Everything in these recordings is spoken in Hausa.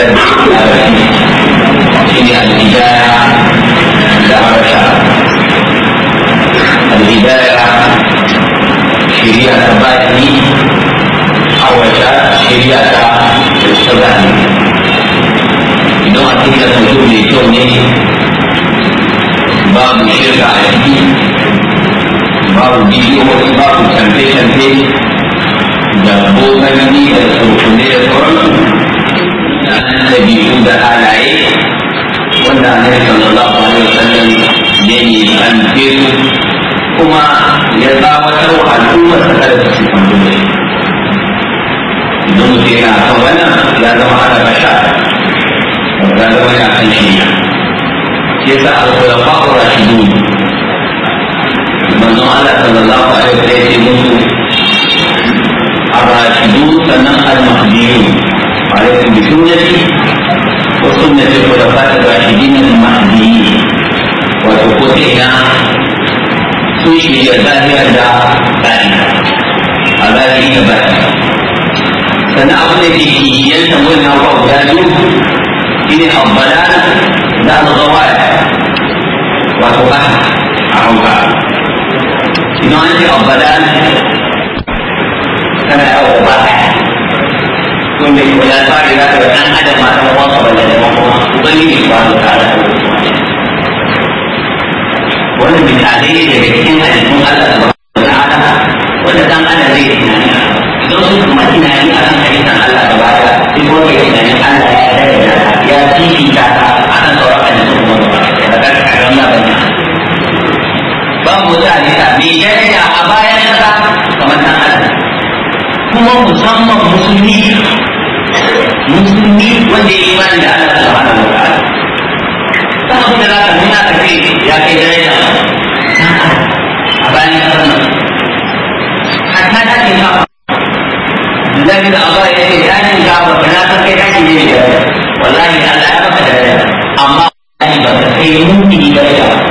المجد فيها البداية دعوة البداية شريعة باته أو شريعة السباني إنه أتيت الوجود لكوني باب الشرك عليه باب الفيديو باب الكامبيشن بيت da bokanni da surkunne da sauransu ɗabi'u da halaye wanda annabi sallallahu alaihi wasallam ya yi an su kuma ya tsawatar wa al'ummar ta kada su ci ne idan mutum yana kan wannan ya zama ana rasha ya zama yana kan shirya shi yasa al-khulafa ar-rashidun manzon Allah sallallahu alaihi wasallam ya ce musu ar-rashidun sannan al-mahdiyun oleh yang itu menjadi khusus menjadi pendapat bagi ini waktu putihnya suci dia tadi ada tadi ada di tempat karena apa yang dikijian sama dengan apa ini abadan dan rawat waktu kan arungka ini nanti abadan karena obat wanda ke wala sa da ta dan adam ma da wasu ini. da wasu ubangiji subhanahu ta'ala wannan misalai ne daga ada, halittun Allah subhanahu ta'ala wanda dan adam akan halittar Allah gaba da Si wanda ya tunani ada ya ya fifita ta akan sauran halittun wanda ba ta karama ba ne babu wata halitta mai musulmi wanda ya imani da Allah hana da ta'ala ta da zaka nuna ka ce ya kai daraja a bayan kasar nan hatta ta ce da ya ce dakin ka ba na kai da wallahi Allah ya amma ba kai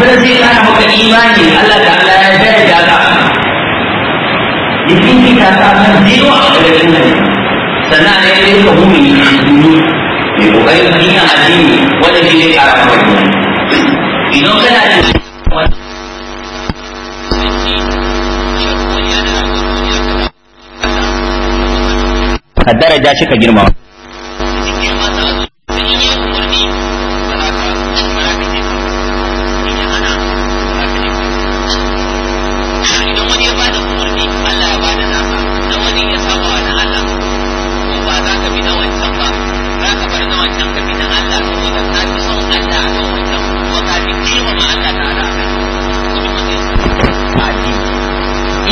wanda zai kara maka imani Allah da Allah ya daraja ka yakin ki ta ka san diwa daga cikin sannan ne dai ka mumini ne mai kokarin dinin addini wanda zai kara maka imani idan kana da ka daraja shi ka girmama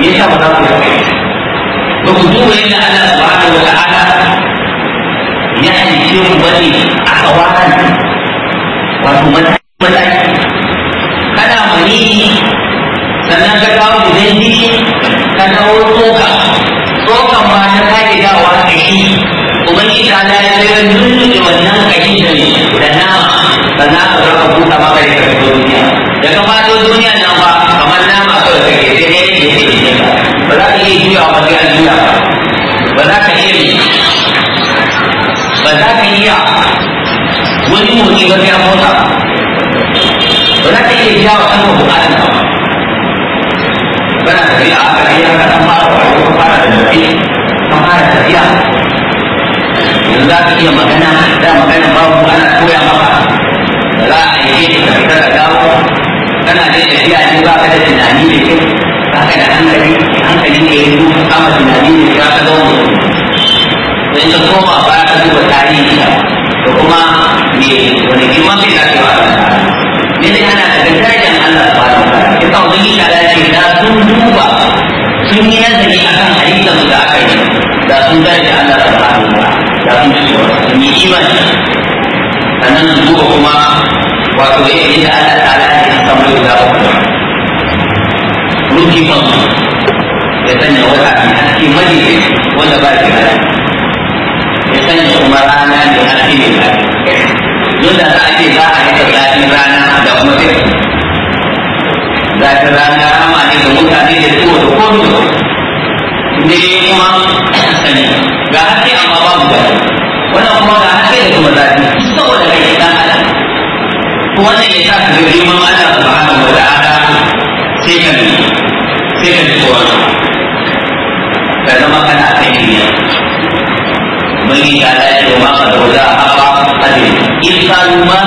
me yasa ba za ku yi ba ku duba yadda Allah subhanahu wa ta'ala ya mu a kawakan wato mataki kana sannan ka kawo gudan jini ka kawo tsoka tsokan ma ta kage dawa kashi ubangiji ta da ya wannan kashi da ne da nama sannan ka buɗa da duniya daga fado duniya na a sai an ba za ta iya biya wa kanka bukatan ka ba kana tafiya a kan iya ka fara wa ka fara da tafi ka fara tafiya yanzu za ka iya magana da magana babu ana koya maka mafi lafiya lalle ana da darajar Allah subhanahu wa ta'ala yasa wani shi da ce da sun akan hadisan da aka yi da sun daraja Allah subhanahu wa ta'ala da sun ji sun yi imani sannan su duba kuma wato yayin da Allah ta'ala ya kamar da ruki man ya sanya wata mai haske majalisi wanda ba shi ya kuma abinda za itu dari za a yi zafin rana da kuma fil rana rama ne da mutane da tuwo da komi ne kuma sani ga haske amma babu zafi wannan kuma ga 在我们。